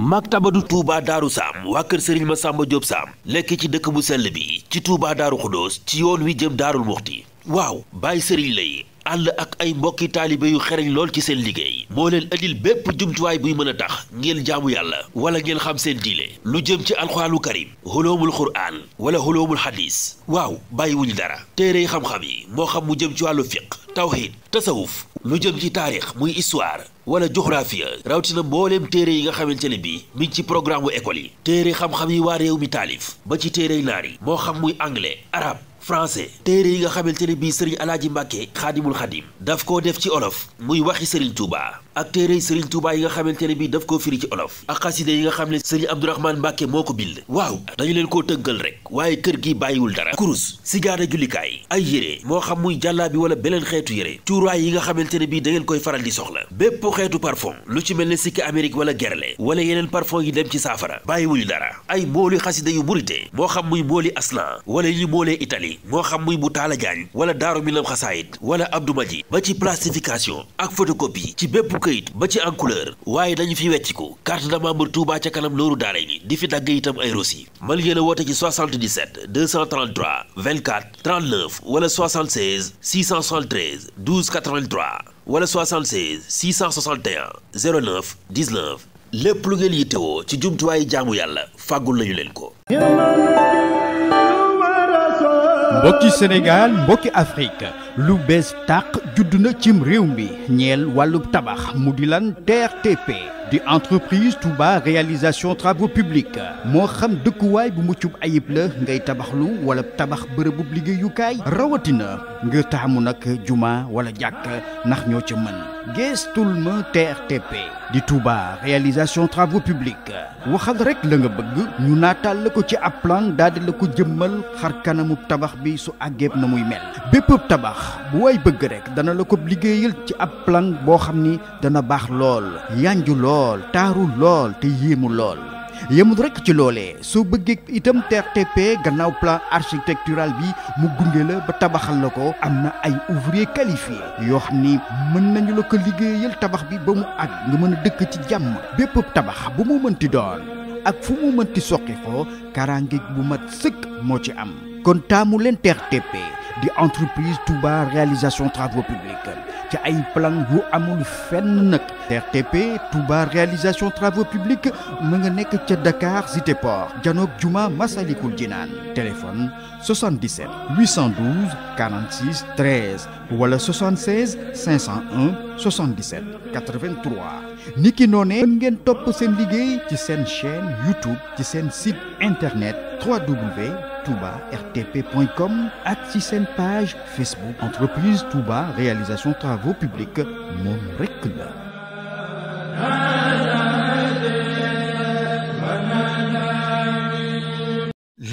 maktabatu Touba Daaru Saam waa kër Serigne Massamba Diop Saam nekk ci dëkk bu sell bi ci Touba Daaru Xuddoos ci yoon wi jëm Daarul Muxti waaw bàyyi Serigne lay àll ak ay mbokki taalibe yu xereñ lool ci seen liggéey moo leen andil bépp jumtuwaay buy mën a tax ngeen jaamu yàlla wala ngeen xam seen diine lu jëm ci alxuraanu karim xoloomul quraan wala xoloomul xadis waaw bàyyiwuñu dara téere xam-xam yi moo xam mu jëm ci wàllu fiq tawxiid tasawuf lu jëm ci taarix muy histoire wala géographie rawatina mbooleem téere yi nga xamante ne bi mi ci programme u école yi téere xam-xam yi waa réew mi taalif ba ci téere naar yi moo xam muy anglais arabe français téere yi nga xamante ne bii sëriñ alaaji mbàkke xaadimul xadim daf koo def ci olof muy waxi sëriñ Touba ak téere yi sëriñ Touba yi nga xamante ne bii daf koo firi ci olof ak xaside yi nga xam ne sëriñ abdourahmaan mbàkke moo ko bind waaw dañu leen koo tënkal rek waaye kër gi bàyyiwul dara kurus sigaada jullikaay ay yére moo xam muy jàllaa bi wala beneen xeetu yére cuuraay yi nga xamante ne bii da ngeen koy faral di soxla bépp xeetu parfum lu ci mel ne amérique wala gerle wala yeneen parfum yi dem ci saafara bàyyiwuñu dara ay mooli xaside yu murite moo xam muy mooli aslan wala yi moole yi moo xam muy bu Talla Diagne wala Daaru Minam Xasaayit wala Abdou Madji ba ci plastification ak photocopie ci bépp këyit ba ci en couleur waaye dañu fi wecciku carte de membre Touba ca kanam lóoru daara ni di fi dagg itam ay rosi man ngeen a woote ci 77 233 24 39 wala 76 673 12 83 wala 76 661 09 19 lépp lu ngeen yittewoo ci jumtuwaayu jaamu yàlla fàggul nañu leen ko mbokki Sénégal mbokki Afrique lu bees tàq judd na cim réew mi ñeel wàllu tabax mu di lan TRTP di entreprise Touba réalisation travaux publics moo xam dëkkuwaay bu muccub ayib la ngay tabaxlu wala tabax bërëbub liggéeyukaay rawatina ngir taamu nag jumaa wala jàkk ndax ñoo ca mën geestul ma TRTP di Touba réalisation travaux publics waxal rek la nga bëgg ñu naataal la ko ci ab plan daal di la ko jëmmal xar kanamu tabax bi su àggeeb na muy mel bépp tabax bu waay bëgg rek dana la ko liggéeyal ci ab plan boo xam ni dana baax lool lool lool taaru lool te yéemu lool yemul rekk ci loolee soo bëggee itam TRTP gannaaw plan architectural bi mu gunge la ba tabaxal la ko am na ay ouvrier qualifié yoo xam ni mën nañu la ko liggéeyal tabax bi ba mu àgg nga mën a dëkk ci jàmm bépp tabax bu mu mën mënti doon ak fu mu mënti soqi ko karangeeg bu mat sëkk moo ci am kon taamu leen TRTP di entreprise Touba réalisation travaux publics ci ay gu yu amul fenn nag RTP Touba réalisation travaux publics mu nga nekk ca Dakar Cité Port janoog Juma Masalikul Jinaan téléphone 77 812 46 13 wala 76 501 77 83 niki noonee ngeen topp seen liggéey ci seen chaîne YouTube ci seen site internet www.toubartp.com ak ci seen page Facebook entreprise Touba réalisation travaux publics moom rekk la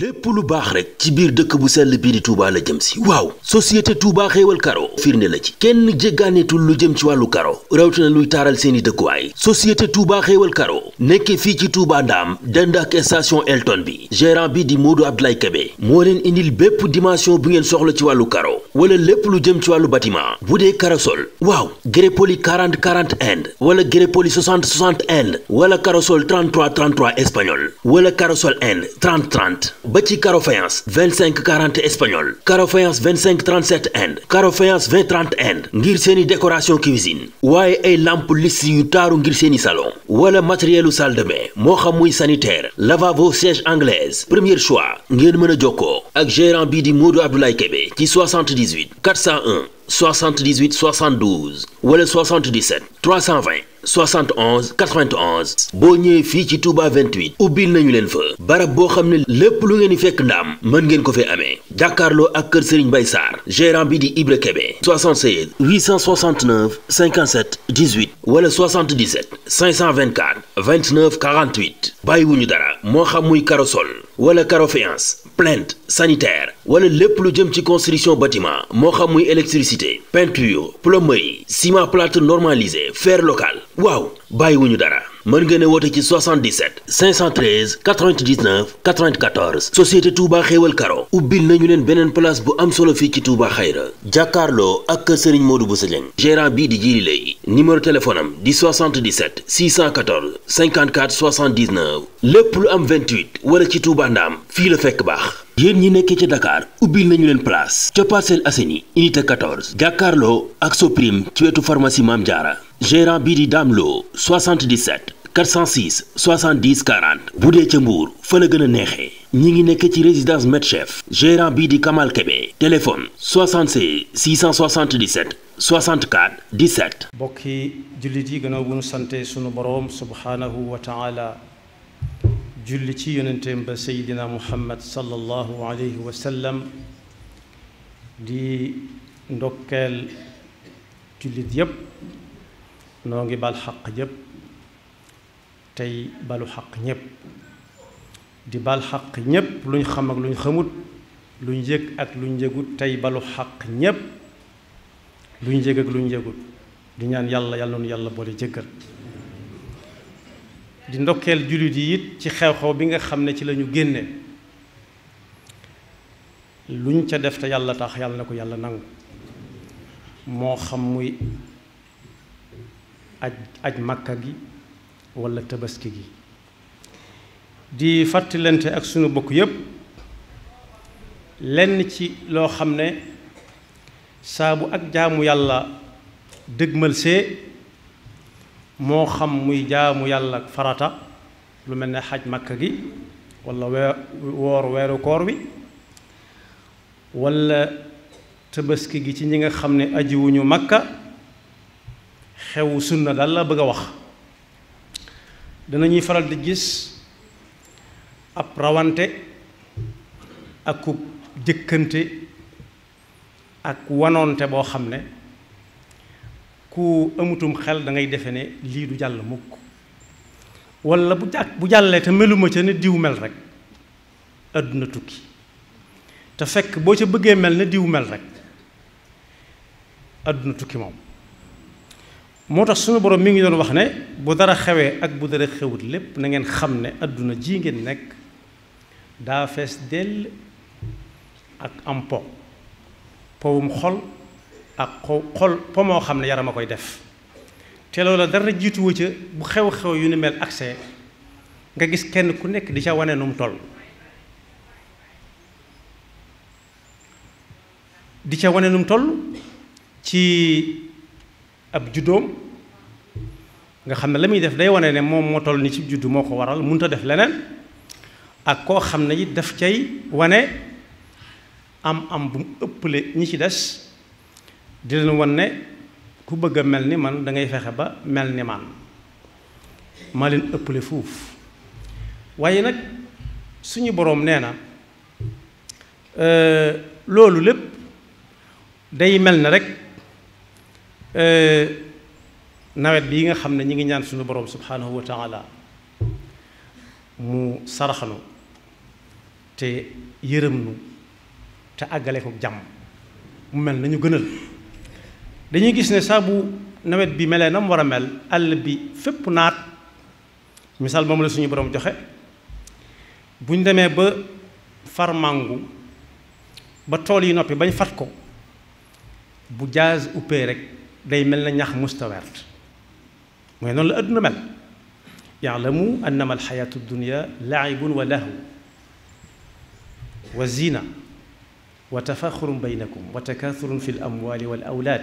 lépp lu baax rek ci biir dëkk bu sell bii di Touba la jëm si waaw société Touba xéewal karo firnde la ci kenn jéggaaneetul lu jëm ci wàllu karo rawatina luy taaral seeni dëkkuwaay société Touba xéewal karo nekkee fii ci Touba Ndaam dend ak station Elton bi gérant bi di Modou lay kebe moo leen indil bépp dimension bu ngeen soxla ci wàllu karo wala lépp lu jëm ci wàllu bâtiment bu dee karosol waaw grépoli 40 40 Inde wala grépoli 60 60 Inde wala karosol 33 33 espagnol wala karosol Inde 30 ba ci caro faïence 25 40 espagnol caro faïence 25 37 inde caro faïence 20 30 inde ngir seeni décoration cuisine waaye ay lamp lisse yu taaru ngir seeni salon wala matériel salle de moo xam muy sanitaire lavabo siège anglaise premier choix ngeen mën a jokkoo ak gérant bii di Modou Abdoulaye Kébé ci 78 401 78 72 wala 77 320 71 91 boo ñëwee fii ci Touba 28 ubbil nañu leen fa bara boo xam ne lépp lu ngeen di fekk ndaam mën ngeen ko fee amee jàkkaarloo ak kër Serigne bay Sarr gérant bi di Ibra Kébé 76 869 57 wala 77 524 29 48 bàyyiwuñu dara moo xam muy karosol wala karo plainte sanitaire wala lépp lu jëm ci construction bâtiment moo xam muy électricité peinture plomberie ciment plâtre normalisé fer local waaw bàyyiwuñu dara mën ngeen a woote ci 77 513 99 94 société Touba xéewal karo ubbil nañu leen beneen place bu am solo fii ci Touba xayra jàkkaarloo ak Serigne Modou Bousso Dieng gérant bii di Jili Lay numéro téléphone am di 77 614 54 79 lépp lu am 28 wala ci Touba ndaam fii la fekk baax yéen ñi nekkee ca dakaar ubbi nañu leen place ca Parcelles Assainies unité 14 jàkkaarloo ak Soprime ci wetu pharmacie Mame Diarra gérant bii di Dame loo 77 406 70 40 bu dee ca Mbour fa la gën a neexee ñi ngi nekk ci résidence Medchef gérant bii di Kamal Kébé téléphone 76 677 64 17. mbokki jullit yi gannaaw bu nu sante sunu boroom subhaanahu wa taala julli ci yonenteem ba Seydina Muhammad sallallahu alayhi wa di ndokkeel jullit yépp noo ngi bal xaq yépp tey balu xaq ñépp di bal xaq ñépp luñ xam ak luñ xamut luñ yëg ak luñ yëgut tey balu xaq ñépp luñ yëg ak luñ yëgut di ñaan yàlla yàlla noonu yàlla boole jëggal di ndokkeel jullit yi it ci xew-xew bi nga xam ne ci lañu génne luñ ca def te yàlla tax yàlla na ko yàlla nangu moo xam muy aj aj màkka gi wala tabaski gi di fàttalante ak sunu bokk yépp lenn ci loo xam ne saabu ak jaamu yàlla dëgmal see moo xam muy jaamu yàlla ak farata lu mel ne xaj màkk gi wala weer woor weeru koor wi wala tabaski gi ci ñi nga xam ne ajiwuñu màkka xewu sunna dal la bëgg a wax danañuy faral di gis ab rawante ak ku jëkkante ak wanoonte boo xam ne ku amutum xel dangay defe ne lii du jàll mukk walla bu jàkk bu jàllee te meluma ca ne diw mel rek àdduna tukki te fekk boo ca bëggee mel ne diw mel rek àdduna tukki moom moo tax suñu boroom mi ngi doon wax ne bu dara xewee ak bu dara xewut lépp na ngeen xam ne àdduna jii ngeen nekk daa fees dell ak am po powum xol ak xol po moo xam ne yaram a koy def te loola dara jiituwu ca bu xew-xew yu ni mel accès nga gis kenn ku nekk di ca wane nu mu toll di ca wane nu toll ci ab juddoom nga xam ne la muy def day wane ne moom moo toll ni ci juddu moo ko waral mënut ta def leneen ak koo xam ne it daf cay wane am am bu mu ëppale ñi ci des di leen wan ne ku bëgg a mel ni man da ngay fexe ba mel ni man maa leen ëppale fuuf waaye nag suñu boroom nee na euh, loolu lépp day mel ne rek Euh, nawet bii nga xam ne ñi ngi ñaan suñu borom subhanahu wa taala mu saraxanu te yërëm nu te àggale ko jàmm mu mel nañu gënal dañuy gis ne saa nawet bi melee na mu war a mel àll bi fépp naat misaal moom la suñu borom joxe buñ demee ba far màngu ba tool yi noppi bañ fat ko bu jaaz uppee rek day mel na ñax musta wert mooy noonu la adduna mel yaalamu annama alxayaatu dunia laibun wa lahu wa zina wa tafaxurun baynakum wa takaathurun fi l amwaali wal awlaad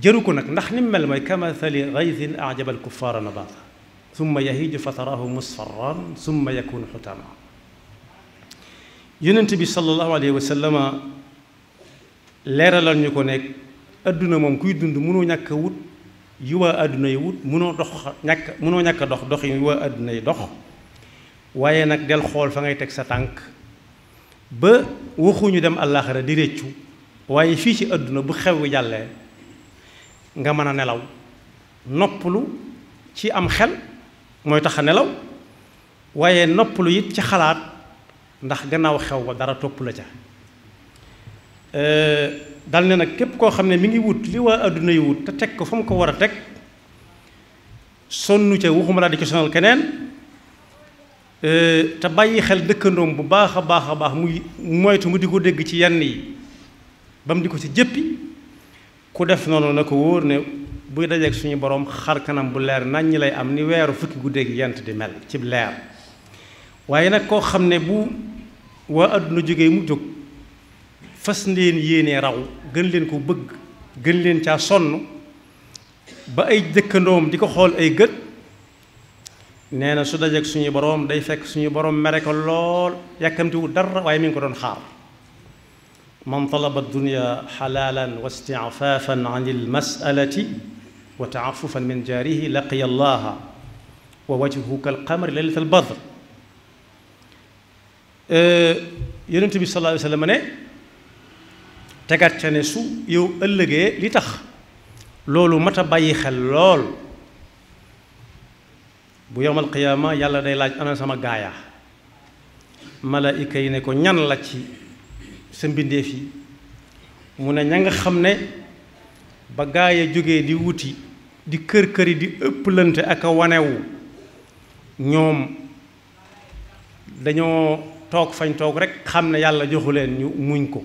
jëru ko nag ndax ni mel mooy kamathali gaysin ajaba alkuffaara nabaata summa yahiiju fa taraahu musfarran summa yakunu xutaama yonent bi sallallahu alayhi wa sallama leeralal ñu ko nekk àdduna moom kuy dund mënoo ñàkk a wut yi waa adduna yi wut mënoo dox ñàkk mënoo ñàkk dox dox yi waa adduna yi dox waaye nag del xool fa ngay teg sa tànk ba waxuñu dem àllaaxira di réccu waaye fii ci àdduna bu xew jàllee nga mën a nelaw noppalu ci am xel mooy tax a nelaw waaye noppalu it ci xalaat ndax gannaaw xew ba dara topp la ca dal ne nag képp koo xam ne mi ngi wut li waa adduna yi wut te teg ko fa mu ko war a teg sonn ca waxuma laa di ci sonal keneen euh, te bàyyi xel dëkkandoom bu baax a baax a baax muy moytu mu di ko dégg ci yenn yi ba mu di ko ci jëppi ku def noonu na ko wóor ne buy dajeeg suñu borom xar kanam bu leer nañ ñi lay am ni weeru fukki guddeeg yent di mel cib leer waaye nag koo xam ne bu waa adduna jógee mu jóg fas leen yéenee raw gën leen ko bëgg gën leen caa sonn ba ay dëkkandoom di ko xool ay gët nee na su dajeek suñu boroom day fekk suñu boroom mere ko lool yàkkamtiwu dara waaye mi ngi ko doon xaar man talaba dunya xalaalan wa istiafaafan an almasalati wa taafufan min jaarihi laqiya allaha wa wajhu kalqamari laylat albadr yonent bi sallallahu alayhi wa ne tegaat ca ne su yow ëllëgee li tax loolu mat a bàyyi xel lool bu yowmal qiyaama yàlla day laaj ana sama gaaya malaayika yi ne ko ñan la ci sa mbindeef yi mu ne ña nga xam ne ba gaaya jógee di wuti di kër këri di ëpplante ak a wanewu ñoom dañoo toog fañ toog rekk xam ne yàlla joxu leen ñu muñ ko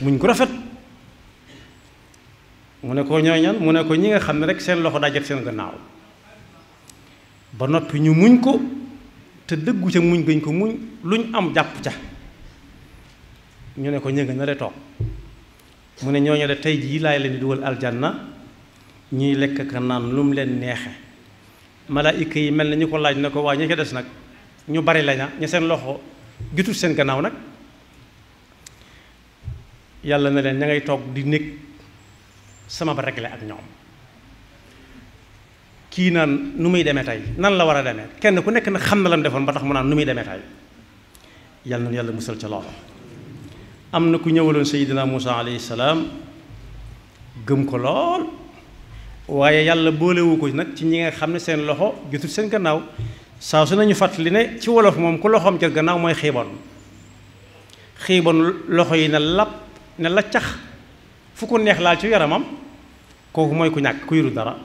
muñ ko rafet mu ne ko ñooy mu ne ko ñi nga xam ne rek seen loxo daa jot seen gannaaw ba noppi ñu muñ ko te dëggu ca muñ gañ ko muñ luñ am jàpp ca ñu ne ko ñënga na de toog mu ne ñooñu de tey jii laay leen di dugal aljanna ñuy lekk ka naan lu mu leen neexe malaayika yi mel na ñu ko laaj ne ko waa ñi ko des nag ñu bari laña ña seen loxo jutul seen gannaaw nag yàlla na leen ña ngay toog di nekk sama ba réglé ak ñoom kii naan nu muy demee tey nan la war a demee kenn ku nekk nag xam na lam defoon ba tax mu naan nu muy demee tey yàlla na yàlla musal ca loolu am na ku ñëwaloon Seydina Muusa alayhi salaam gëm ko lool waaye yàlla boolewu ko nag ci ñi nga xam ne seen loxo jotul seen gannaaw saa su nañu fàttali ne ci wolof moom ku loxoom jot gannaaw mooy xiiboon xiiboon loxo yi na lapp ne la cax fu ko neex laal ci yaramam kooku mooy ku ñàkk ku yuru dara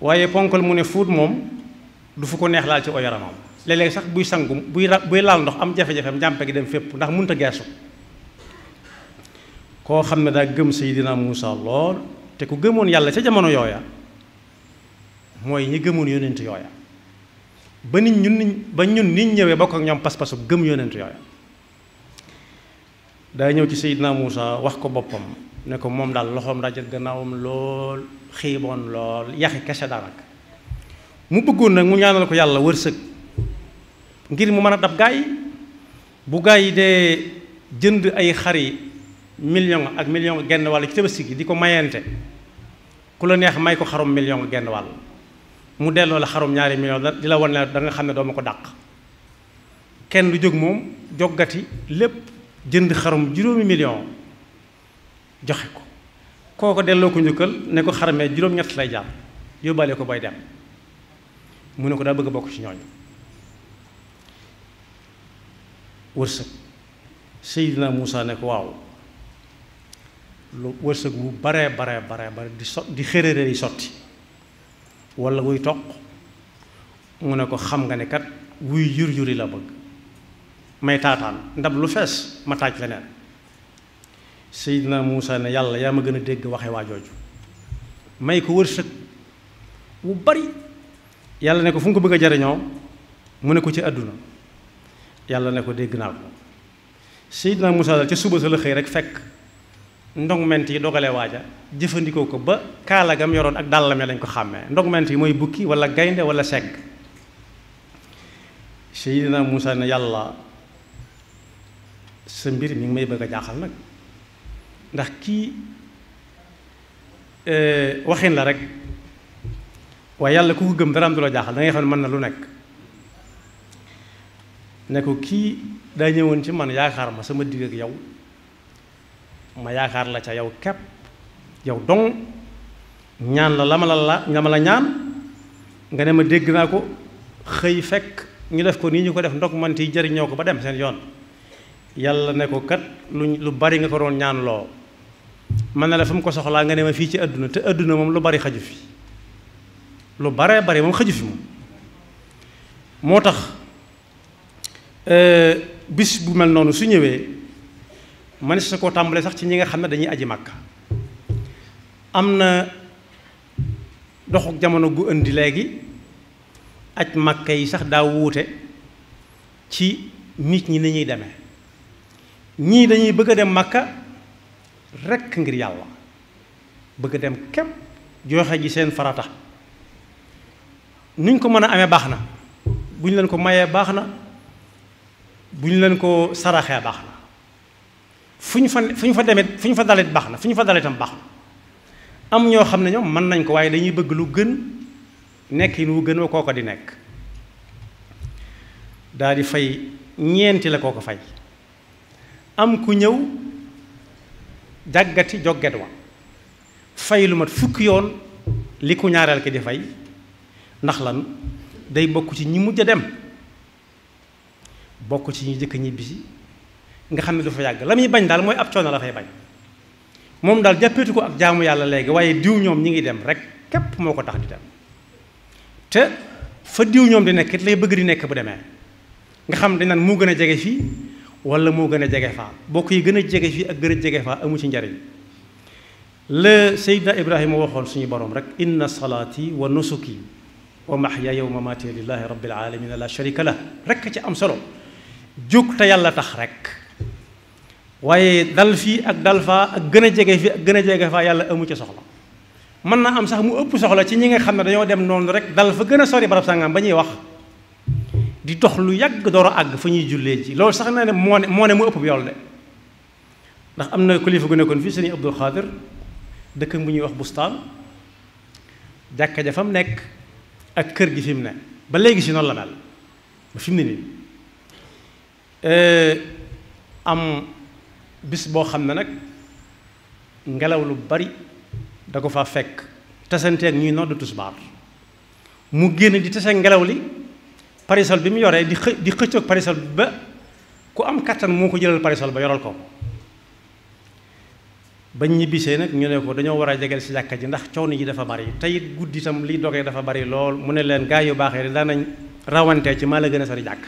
waaye ponkal mu ne fuut moom du fu ko neex laal ci o yaramam léeg sax buy sangum buy buy laal ndox am jafe-jafem njàmpe gi dem fépp ndax munta geesu koo xam ne daa gëm si Seydina Muusa lool te ku gëmoon yàlla ca jamono yooya mooy ñi gëmoon yonent yooya ba nit ñun ba ñun nit ñëwee bokk ak ñoom pas-pasu gëm yonent yooya daa ñëw ci Seydina Muusa wax ko boppam ne ko moom daal loxoom daal jël gannaawam lool xiiboon lool yaxi kese daanaka mu bëggoon nag mu ñaanal ko yàlla wërsëg ngir mu mën a dab gaa bu gaa yi dee jënd ay xari million ak million genn wàll ci tabaski gi di ko mayante ku la neex may ko xarum million genn wàll mu delloo la xarum ñaari million di la wan xam ne doo ma ko dàq kenn du jóg moom joggati lépp jënd xarum juróomi million joxe ko kooko delloo ko njukkal ne ko xarmee juróom-ñett lay jaar yóbbaale ko bay dem mu ne ko daa bëgg a bokk ci ñooñu wërsëg Seydina Muusa ne ko waaw lu wërsëg bu baree baree baree bare di so di xërëree sotti walla wuy toq mu ne ko xam nga ne kat wuy jur juri la bëgg may taataan ndab lu fees ma taaj leneen Seydina Muusa ne yàlla yaa ma gën a dégg waxe waajooju may ko wërsëg wu bari yàlla ne ko fu nga ko bëgg a jariñoo mu ne ko ci àdduna yàlla ne ko dégg naa ko Seydina Muusa ca suba xëy rek fekk ndongment yi dogale waaja jëfandikoo ko ba kaala gam ak dàllame lañ ko xàmmee ndongment yi mooy bukki wala gaynde wala segg Seydina Muusa ne yàlla sa mbir mi ngi may bëgg a jaaxal nag ndax kii euh, waxin la rek waaye yàlla ku ko gëm dara am du la jaaxal da xam ne man na lu nekk ne ko kii daa ñëwoon ci man yaakaar ma sama digg ak yow ma yaakaar la ca yow kepp yow dong ñaan la la ma la la nga ma la ñaan nga ne ma dégg naa ko xëy fekk ñu def ko nii ñu ko def ndog man ti jëriñoo ko ba dem seen yoon yàlla ne ko kat lu lu bari nga ko doon ñaan loo man na la fa mu ko soxlaa nga ne ma fii ci àdduna te àdduna moom lu bari xaju fi lu baree bari moom xaju fi moom moo tax euh, bis bu mel noonu su ñëwee man sa koo tàmbalee sax ci ñi nga xam ne dañuy aji màkk am na doxuk jamono gu indi léegi aj màkk yi sax daa wuute ci nit ñi ni ñuy demee ñii dañuy bëgg dem Makka rekk ngir yàlla bëgg a dem képp joxe ji seen farata nuñ ko mën a amee baax na bu ñu leen ko mayee baax na bu ñu leen ko saraxee baax na fu ñu fa fu ñu fa demee fu ñu fa dalit baax na fu ñu fa dalitam baax na am ñoo xam ne ñoom mën nañ ko waaye dañuy bëgg lu gën nekk yi nu gën wa kooko di nekk daal di fay ñeenti la koo ko fay am ku ñëw jàggati jogget wa fay lu mat fukki yoon li ku ñaareel ki di fay ndax lan day bokk ci ñi mujj a dem bokk ci ñi jëkk ñibbisi nga xam ne du fa yàgg la muy bañ daal mooy ab coono la fay bañ moom daal jàppetu ko ak jaamu yàlla léegi waaye diw ñoom ñi ngi dem rek képp moo ko tax di dem te fa diw ñoom di nekk lay bëgg di nekk bu demee nga xam dañ naan moo gën a jege fii wala moo gën a jege faa bokk yi gën a jege fii ak gën a jege faa amu ci njariñ la Seydina Ibrahima waxoon suñu borom rek inna salaati wa nusuki wa mahyaaya wa mamaati lillahi rabbil aalamiina laa sharika lah rek ci am solo jóg te yàlla tax rek waaye dal fii ak dal faa ak gën a jege fii ak gën a jege faa yàlla amu ci soxla mën naa am sax mu ëpp soxla ci ñi nga xam ne dañoo dem noonu rek dal fa gën a sori barab sàngam ba ñuy wax di dox lu yàgg door a àgg fa ñuy jullee ji loolu sax na ne moo ne moo ne mu ëpp yool de ndax am na kilifa gu nekkoon fii sëriñ Abdul Xaadir dëkk bu ñuy wax bustaan jàkka ja fa mu nekk ak kër gi fim mu ne ba léegi si noonu la mel ba fi ne nii eh, am bis boo xam ne nag ngelaw lu bari da ko faa fekk tasante ak ñuy nodd tusbaar mu génn di tasa ngelaw li parasol bi mu yoree di xë di xëccoog parasol bi ba ku am kàttan moo ko jëlal parasol ba yoral ko bañ ñibbisee nag ñu ne ko dañoo war a jege si jàkka ji ndax coono ji dafa bari tey guddi itam li dogee dafa bari lool mu ne leen gaa yu baaxee de daanañ rawantee ci maa la gën a sori jàkk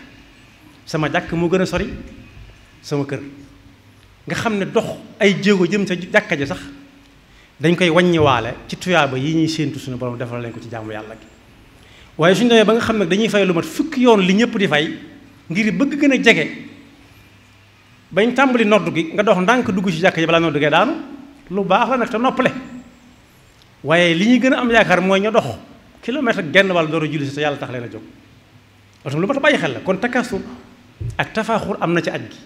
sama jàkk moo gën a sori sama kër nga xam ne dox ay jéego jëm sa jàkka ji sax dañ koy wàññiwaale ci tuyaaba yi ñuy séentu suñu borom defal leen ko ci jaamu yàlla gi waaye suñu demee ba nga xam ne dañuy fay lu mat fukki yoon li ñëpp di fay ngir bëgg gën a jege bañ tàmbali noddu gi nga dox ndànk dugg ci jàkk ji balaa noddu gee daanu lu baax la nag te noppale waaye li ñuy gën a am yaakaar mooy ña dox kilomètre genn wàll door a julli si te yàlla tax leen a jóg otom lu ma ta bàyyi xel la kon takasur ak tafaaxur am na ci aj gi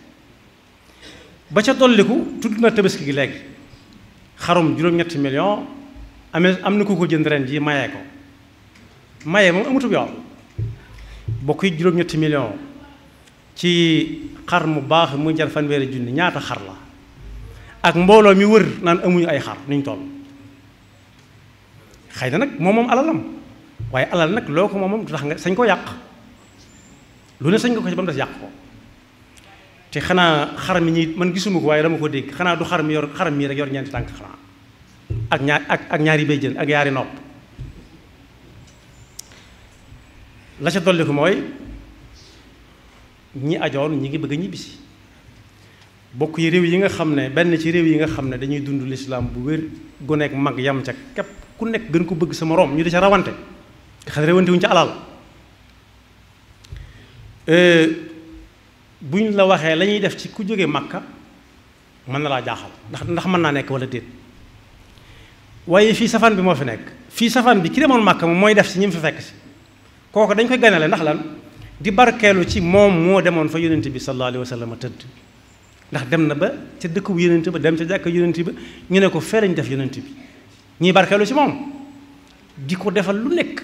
ba ca dolliku tudd na tabaski gi léegi xarum juróom-ñetti million amee am na ku ko jënd ren ji mayee ko maye moom amutub yoon bokk juróom-ñetti million ci xar mu baax mu jar fanweeri junni ñaata xar la ak mbooloo mi wër naan amuñu ay xar nuñ toll xëy na nag moom moom alalam waaye alal nag loo ko moom moom du tax nga sañ ko yàq lu ne sañ nga ko ci ba mu des yàq ko te xanaa xar mi ñi man gisuma ko waaye dama ko dégg xanaa du xar mi yor xar mii rek yor ñeenti tànk xanaa ak ñaar ñaari béjjën ak yaari nopp la ca dolliku mooy ñi ajoon ñi ngi bëgg a ñibbisi bokk yi réew yi nga xam ne benn ci réew yi nga xam ne dañuy dund lislaam bu wér gu nekk mag yam ca képp ku nekk gën ko bëgg sa moroom ñu di ca rawante nga xam ne rawante wuñ euh, la waxee la def ci ku jóge màkka mën na laa jaaxal ndax ndax mën naa nekk wala déet waaye fii safaan bi moo fi nekk fii safaan bi ki demoon màkka moom mooy def ci ñi mu fi fekk si kooku dañ koy ganale ndax lan di barkeelu ci moom moo demoon fa yonent bi sallallahu alayhi wa sallam tëdd ndax dem na ba ca dëkk bu yonent ba dem ca jàkk yonent ba ñu ko fee lañ def yonent bi ñuy barkeelu ci moom di ko defal lu nekk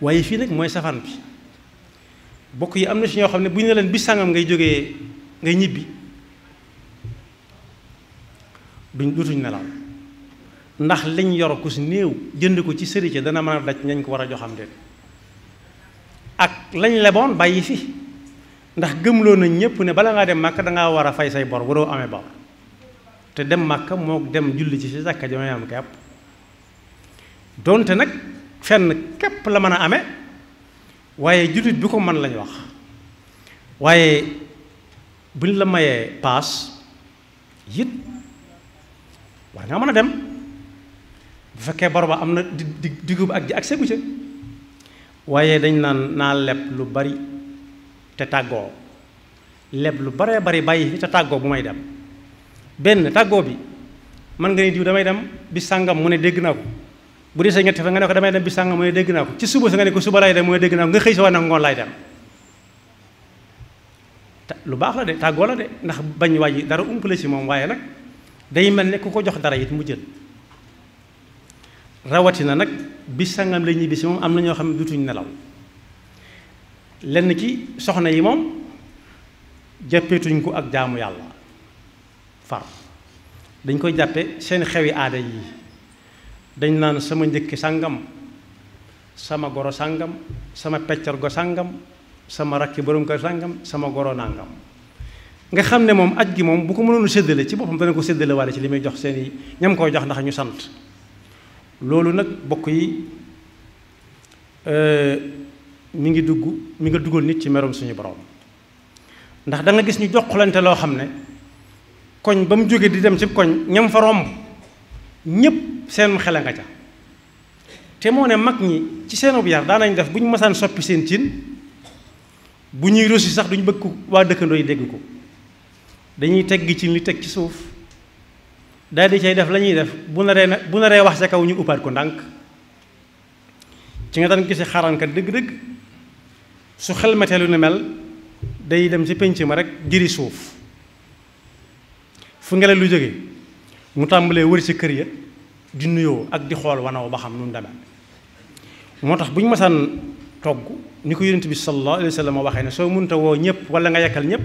waaye fii nag mooy safaan bi bokk yi am na si ñoo xam ne bu ñu ne leen bi sàngam ngay jógee ngay ñibbi duñ dutuñ nelaw ndax liñ yoro ku si néew jënd ko ci sëri ca dana mën a daj ñañ ko war a joxam de lañ leboon bàyyi fi ndax gëmloo nañ ñëpp ne bala ngaa dem màkk dangaa war a fay say bor waroo amee bor te dem màkk moo dem julli ci si jàkka ja may am kepp donte nag fenn képp la mën a ame waaye jullit bi ko mën lañ wax waaye buñ la mayee paas it war ngaa mën a dem bu fekkee bor ba am na di digub ak di ak waaye dañ naan naa leb lu bari te tàggoo leb lu baree bari bàyyi fi te tàggoo bu may dem benn tàggoo bi man nga ne diw damay dem bi sàngam mu ne dégg naa ko bu dee sa ñetti fa nga ne ko damay dem bi sàngam mu ne dégg naa ko ci suba sa nga ne ko suba lay dem mu ne dégg naa ko nga xëy si waa nag ngoon lay dem lu baax la de tàggoo la de ndax bañ waaj dara ump la ci moom waaye nag day mel ne ku ko jox dara it mu jël rawatina nag bi sangam lañu ñuy bisi moom am na ñoo xam ne dutuñ nelaw lenn ci soxna yi moom jàppeetuñ ko ak jaamu yàlla far dañ koy jàppe seen xewi aada yi dañ naan sama njëkki sàngam sama goro sàngam sama peccar go sàngam sama rakki borom ko sàngam sama goro nàngam nga xam ne moom aj gi moom bu ko mënoon séddale ci boppam dana ko séddale walla ci li muy jox seen i ñam koy jox ndax ñu sant loolu nag bokk yi euh, mu ngi dugg mi nga dugal nit ci meroom suñu boroom ndax danga gis ñu joxlante loo xam ne koñ ba mu jógee di dem ci koñ ñam fa romb ñépp seen xel a ca te moo ne mag ñi ci seenub yar daanañ def bu ñu masaan soppi seen cin bu ñuy rosi sax duñu bëgg waa dëkkandoo yi dégg ko dañuy tegg cin li teg ci suuf daal di cay def la ñuy def bu naree na bu naree wax sa kaw ñu uppaat ko ndànk ci nga daan gise xarankat dëgg-dëgg su xelmatee lu ni mel day dem ci pénc ma rek jëri suuf fu ngelaw lu jóge mu tàmbalee wër ci kër ya di nuyoo ak di xool wanaw ba xam nu mu moo tax bu ñu masaan togg ni ko yonent bi sallallahu alayhi wa sallam waxee ne soo mënta woo ñëpp wala nga yekkal ñëpp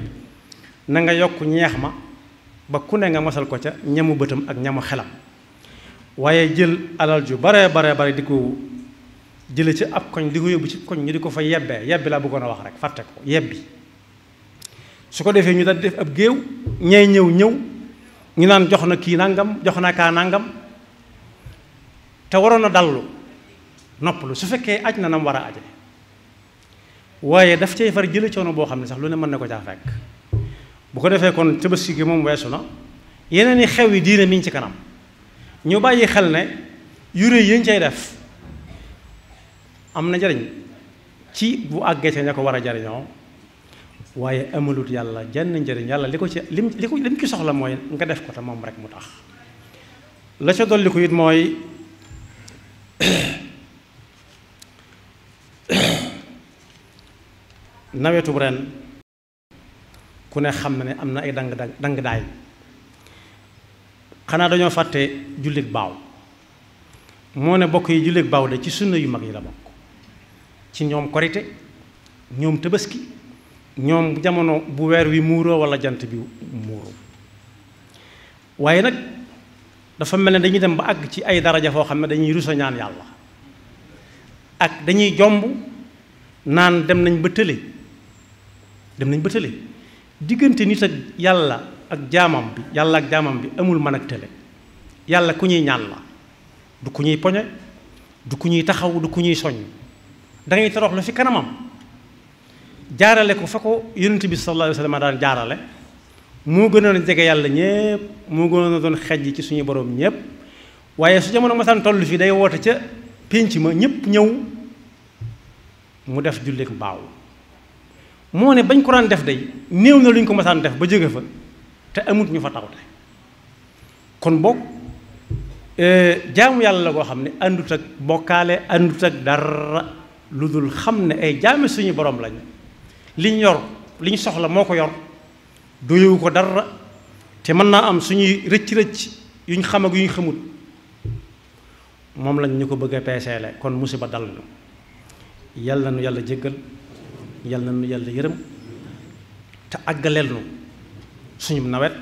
na nga yokk ñeex ma ba ku ne nga masal ko ca ñamu bëtam ak ñamu xelam waaye jël alal ju bare bare bare di ko jële ci ab koñ di ko yóbbu ci koñ ñu di ko fa yebbee yebbi laa bëggoon a wax rek fàtte ko yebbi su ko defee ñu daal def ab géew ñay ñëw ñëw ñu naan jox na kii nangam jox na kaa nangam te waroon a dallu lu su fekkee aj na nam war a aje waaye daf cay far jële coono boo xam ne sax lu ne mën na ko caa fekk bu ko defee kon tabaski gi moom weesu na yeneen i xew yi diine mi ngi ci kanam ñu bàyyi xel ne yu rëy yi ñu cay def am na jariñ ci bu àggee ca ña ko war a jariñoo waaye amalut yàlla jenn njariñ yàlla li ko ci li ko lim ci soxla mooy nga def ko te moom rek mu tax la ca dolli ko it mooy nawetu ren ku ne xam na ne am na ay dang dang daay xanaa dañoo fàtte jullit baaw moo ne bokk yi jullit baaw de ci sunna yu mag yi la bokk ci ñoom korite ñoom tabaski ñoom jamono bu weer wi muuroo walla jant bi muuroo waaye nag dafa mel ne dañuy dem ba àgg ci ay daraja foo xam ne dañuy rusa ñaan yàlla ak dañuy jomb naan dem nañ ba tële dem nañ ba tële diggante nit ak yàlla ak jaamam bi yàlla ak jaamam bi amul mën ak tële yàlla ku ñuy ñaan la du ku ñuy poñe du ku ñuy taxaw du ku ñuy soññ dangay ngay torox lu fi kanamam jaarale ko fa ko yonent bi sallallahu alayhi wa sallam daan jaarale moo gënoon a jege yàlla ñépp moo gënoon a doon xejj ci suñu boroom ñépp waaye su ma masaan toll fii day woote ca pénc ma ñépp ñëw mu def julleek mbaaw moo ne bañ ko daan def day néew na lu ko masaan def ba jóge fa te amut ñu fa tawte kon boog euh, jaamu yàlla la koo xam ne àndut ak bokkaale àndut ak dara lu dul xam ne ay jaame suñu borom lañ liñ yor li ñu soxla moo ko yor doyewu ko dara te mën naa am suñuy rëcc-rëcc yuñ xam yuñ xamut moom lañ ñu ko bëgg a peeseele kon musiba dal na yàlla nu yàlla jéggal yàlla na yàlla yërëm te àggaleel nu suñu nawet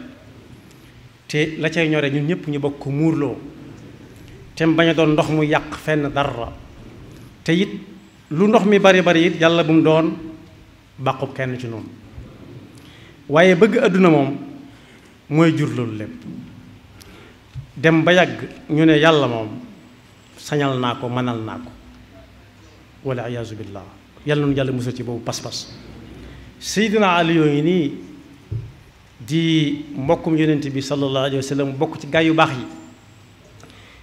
te la cay ñoree ñun ñëpp ñu bokk muurloo te mu doon ndox mu yàq fenn dara te it lu ndox mi bari bari it yàlla bu mu doon bàqub kenn ci noonu waaye bëgg àdduna moom mooy jur loolu lépp dem ba yàgg ñu ne yàlla moom sañal naa ko mënal naa ko wala iyaazu billaah yàlla noonu yàlla musal ci boobu pas-pas seydina ali yi nii di mbokkum yonent bi sallallahu alayhi wa sallam bokk ci gaay yu baax yi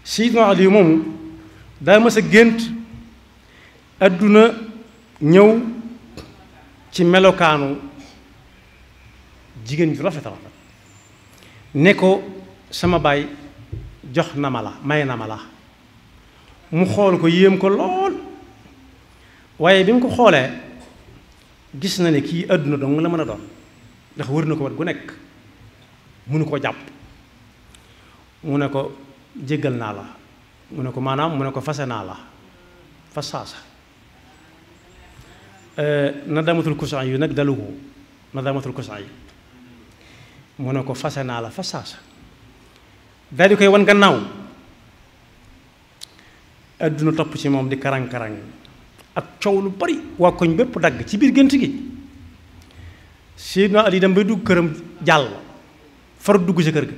seydina ali moomu daa mës gént àdduna ñëw ci melokaanu jigéen ju rafet rafet ne ko sama baay jox na ma la may na ma la mu xool ko yéem ko lool waaye bi mu ko xoolee gis na ne kii àdduna dong la mën a doon ndax wër na ko wat gu nekk mënu ko jàpp mu ne ko jéggal naa la mu ne ko maanaam mu ne ko fase naa la fas saasa na damatul kusan nag dalu ko na damatul kusan mu ne ko fase naa la fas di koy wan gannaaw àdduna topp ci moom di karang-karang ak coow lu bari waa koñ bépp dagg ci biir gént gi Seydina Ali dem bay dugg këram jàll far dugg ci kër ga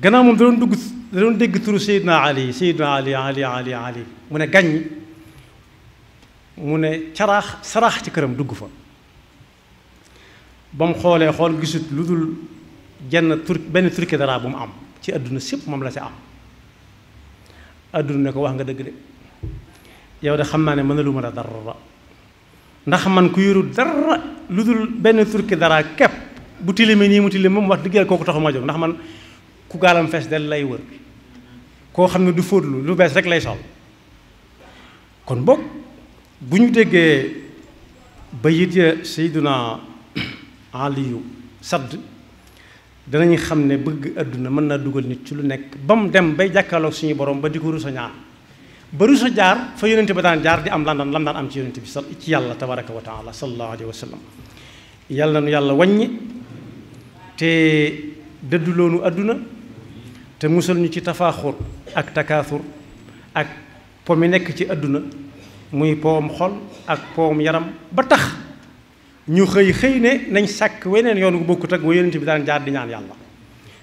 gannaaw moom da doon dugg da doon dégg turu Seydina Ali Seydina Ali Ali Ali Ali mu ne gàññ mu ne caraax saraax ci këram dugg fa ba xoolee xool gisut lu dul jenn tur benn turki dara bu mu am ci àdduna sépp moom la si am àdduna ne ko wax nga dëgg de yow de xam naa ne mën mën a dara ndax man ku yorul dara lu dul benn turki dara képp bu tilime nii mu tilim moom wax diggeel kooku taxu ma jóg ndax man ku gaalam fees del lay wër koo xam ne du fóotlu lu bees rek lay sol kon boog bu ñu déggee bayit ya Seyduna Aliyu Sadd danañ xam ne bëgg àdduna mën naa dugal nit ci lu nekk ba mu dem bay jàkkaarloog suñu borom ba di ko rusa ñaan ba rusa jaar fa yonente ba daan jaar di am landan lam daan am ci yonente bi sa ci yàlla tabaraka wa taala sallallahu alayhi wa sallam yàlla nu yàlla wàññi te loolu àdduna te musal ñu ci tafaaxur ak takaafur ak po mi nekk ci àdduna muy powam xol ak powam yaram ba tax ñu xëy xëy ne nañ sàkk weneen yoon gu bokkut ak wa yonente bi daan jaar di ñaan yàlla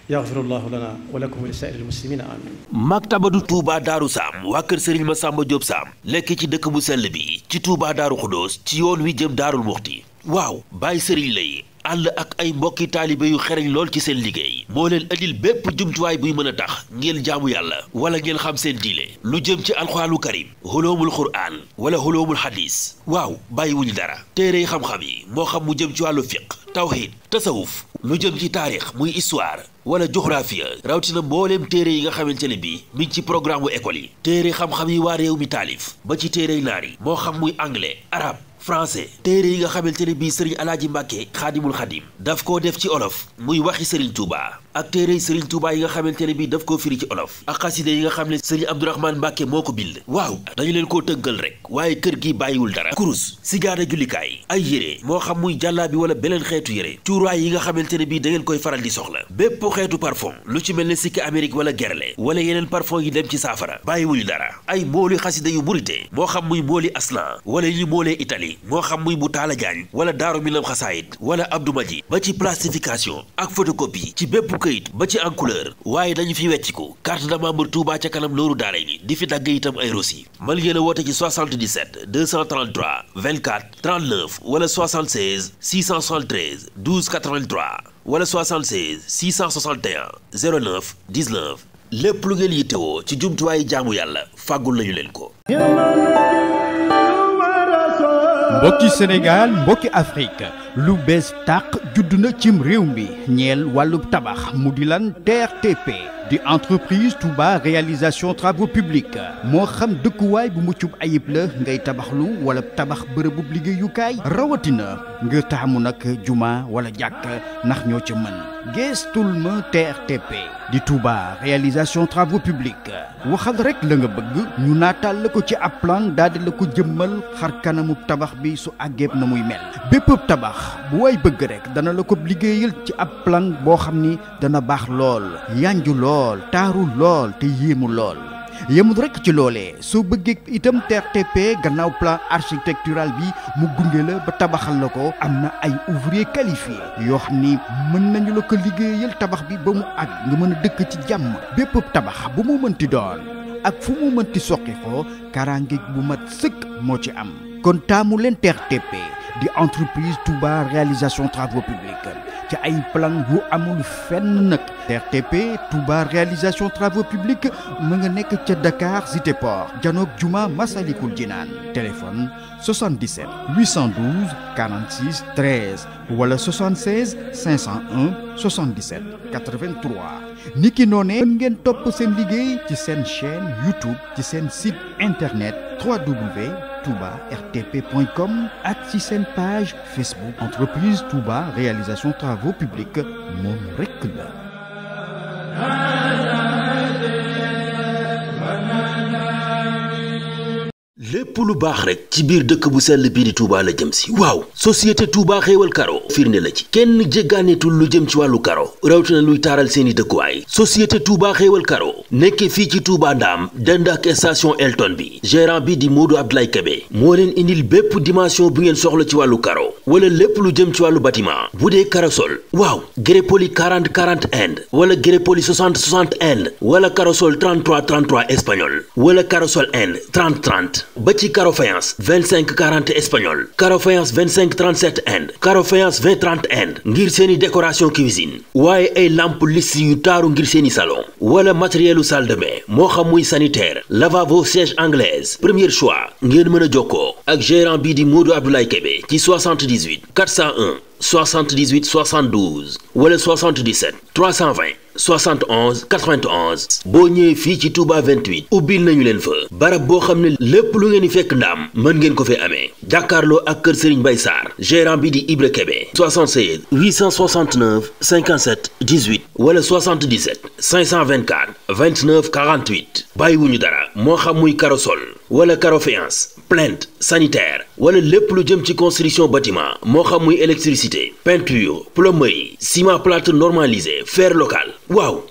yaxfirullahu lana wa lakum wa li saa'iril muslimina amin maktabadu tuubaa daaru saam waa kër sëriñ Masamba Jóob saam nekk ci dëkk bu sell bi ci tuubaa daaru xudóos ci yoon wi jëm daarul muxti waaw bàyyi sëriñ lay ànd ak ay mbokki taalibe yu xereñ lool ci seen liggéey moo leen andil bépp jumtuwaay buy mën a tax ngeen jaamu yàlla wala ngeen xam seen diile lu jëm ci alxuraanu karim xoloomul quraan wala xoloomul xadiis waaw bàyyiwuñu dara téere xam-xam yi moo xam mu jëm ci wàllu fiq tawxiid tasawuf lu jëm ci taarix muy histoire wala juxraafiya rawatina mbooleem téere yi nga xamante ne bii mi ci programme bu école yi téere xam-xam yi waa réew mi taalif ba ci téere naar yi moo xam muy anglais arabe français téere yi nga xamante ne bii sëriñ alaaji mbàkke xaadimul xadim daf ko def ci olof muy waxi sëriñ Touba. ak téere Serigne Touba yi nga xamante ne bii daf ko firi ci olof ak xaside yi nga xam ne Serigne Abdourahmane Mbacke moo ko bind waaw dañu leen koo tënkal rek waaye kër gi bàyyiwul dara kurus sigaara jullikaay ay yére moo xam muy jàllaa bi wala beneen xeetu yére cuuraay yi nga xamante ne bii da ngeen koy faral di soxla bépp xeetu parfum lu ci mel ne sikki Amérique wala gerle wala yeneen parfum yi dem ci saafara bàyyiwuñu dara ay mooli xaside yu murite moo xam muy mooli aslan wala yi ñu moolee Italie moo xam bu taala jaañ wala daaru minam xasaayit wala abdou maji ba ci plastification ak photocopie ci bépp këyit ba ci en couleur waaye dañu fi wecciku carte de membre Touba ca kanam nooru daara ni di fi dagg itam ay rosi man ngeen a woote ci 77 233 24 39 wala wala lépp lu ngeen yittewoo ci jumtuwaayu jaamu yàlla fàggul nañu leen ko mbokki Sénégal mbokki Afrique lu bees tàq judd na cim réew mi ñeel wàllu tabax mu di lan TRTP di entreprise Touba réalisation travaux publics moo xam dëkkuwaay bu muccub ayib la ngay tabaxlu wala tabax bërëbub liggéeyukaay rawatina ngir taamu nag jumaa wala jàkk ndax ñoo ca mën. Gestoulma TRTP di Touba réalisation travaux publics waxal rek la nga bëgg ñu naataal la ko ci ab plan daal di la ko jëmmal xar kanamu tabax bi su àggeeb na muy mel bépp tabax bu way bëgg rek dana la ko liggéeyal ci ab plan boo xam ni dana baax lool yanju lool taaru lool te yéemu lool yemul rekk ci loolee soo bëggee itam TRTP gannaaw plan architectural bi mu gunge la ba tabaxal la ko am na ay ouvrier qualifié yoo xam ni mën nañu la ko liggéeyal tabax bi ba mu àgg nga mën a dëkk ci jàmm bépp tabax bu mu mënti doon ak fu mu mënti soqi ko karange bu mat sëkk moo ci am kon taamu leen teppe di entreprise Touba réalisation travaux publics ci ay plan yu amul fenn nag RTP Touba réalisation travaux publics mu nga nekk ca Dakar Cité Port janoog Juma Masalikul Jinaan téléphone 77 812 46 13 wala 76 501 77 83 niki noonee mën ngeen topp seen liggéey ci seen chaîne YouTube ci seen site internet www touba rtp point com ak ci seen page Facebook entreprise touba réalisation travaux publics moom rekk lépp lu baax rek ci biir dëkk bu sell bii di Touba la jëm si waaw société Touba xéewal karo firnde la ci kenn jéggaaneetul lu jëm ci wàllu karo rawatina luy taaral seeni dëkkuwaay société Touba xéewal karo nekkee fii ci Touba ndaam dend ak station Elton bi gérant bi di Modou lay kebe moo leen indil bépp dimension bu ngeen soxla ci wàllu karo wala lépp lu jëm ci wàllu bâtiment bu dee karosol waaw grépoli 40 40 Inde wala grépoli 60 60 Inde wala karosol 33 33 espagnol wala karosol Inde 30 ba ci caro faïence 25 40 espagnol caro faïence 25 37 inde caro faïence 20 30 inde ngir seeni décoration cuisine waaye ay lamp liste yu taaru ngir seeni salon wala matériel salle de moo xam muy sanitaire lavabo siège anglaise première choix ngeen mën a jokkoo ak gérant bii di Modou Abdoulaye Kébé ci 78 401 78 72 wala 77 320 71 91 boo ñëwee fii ci Touba 28 ubbil nañu leen fa barab boo xam ne lépp lu ngeen di fekk ndaam mën ngeen ko fee amee jàkkaarloo ak kër Serigne Mbaye Sarr gérant bi di Ibra Kébé 76 869 57 18 wala 77 524 29 48 bàyyiwuñu dara moo xam muy karosol wala carrefourance plainte sanitaire wala lépp lu jëm ci construction bâtiment moo xam muy électricité peinture plomberie ciment plâtre normalisé fer local waaw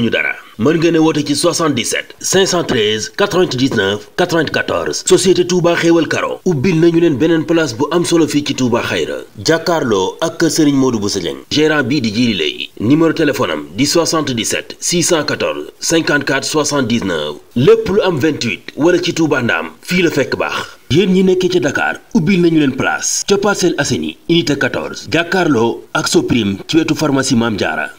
ñu dara. mën ngeen a woote ci 77 513 99 94 société Touba xéewal karo ubbil nañu leen beneen place bu am solo fii ci Touba xayra jàkkaarloo ak sëriñ Modou Bousso Dieng gérant bii di jiiri lay numéro téléphone am di 77 614 54 lépp lu am 28 wala ci Touba ndaam fii la fekk baax yéen ñi nekkee ca ndakaar ubbil nañu leen place ca Parcelles Assainies unité 14 jàkkaarloo ak Soprime ci wetu pharmacie Mame Diarra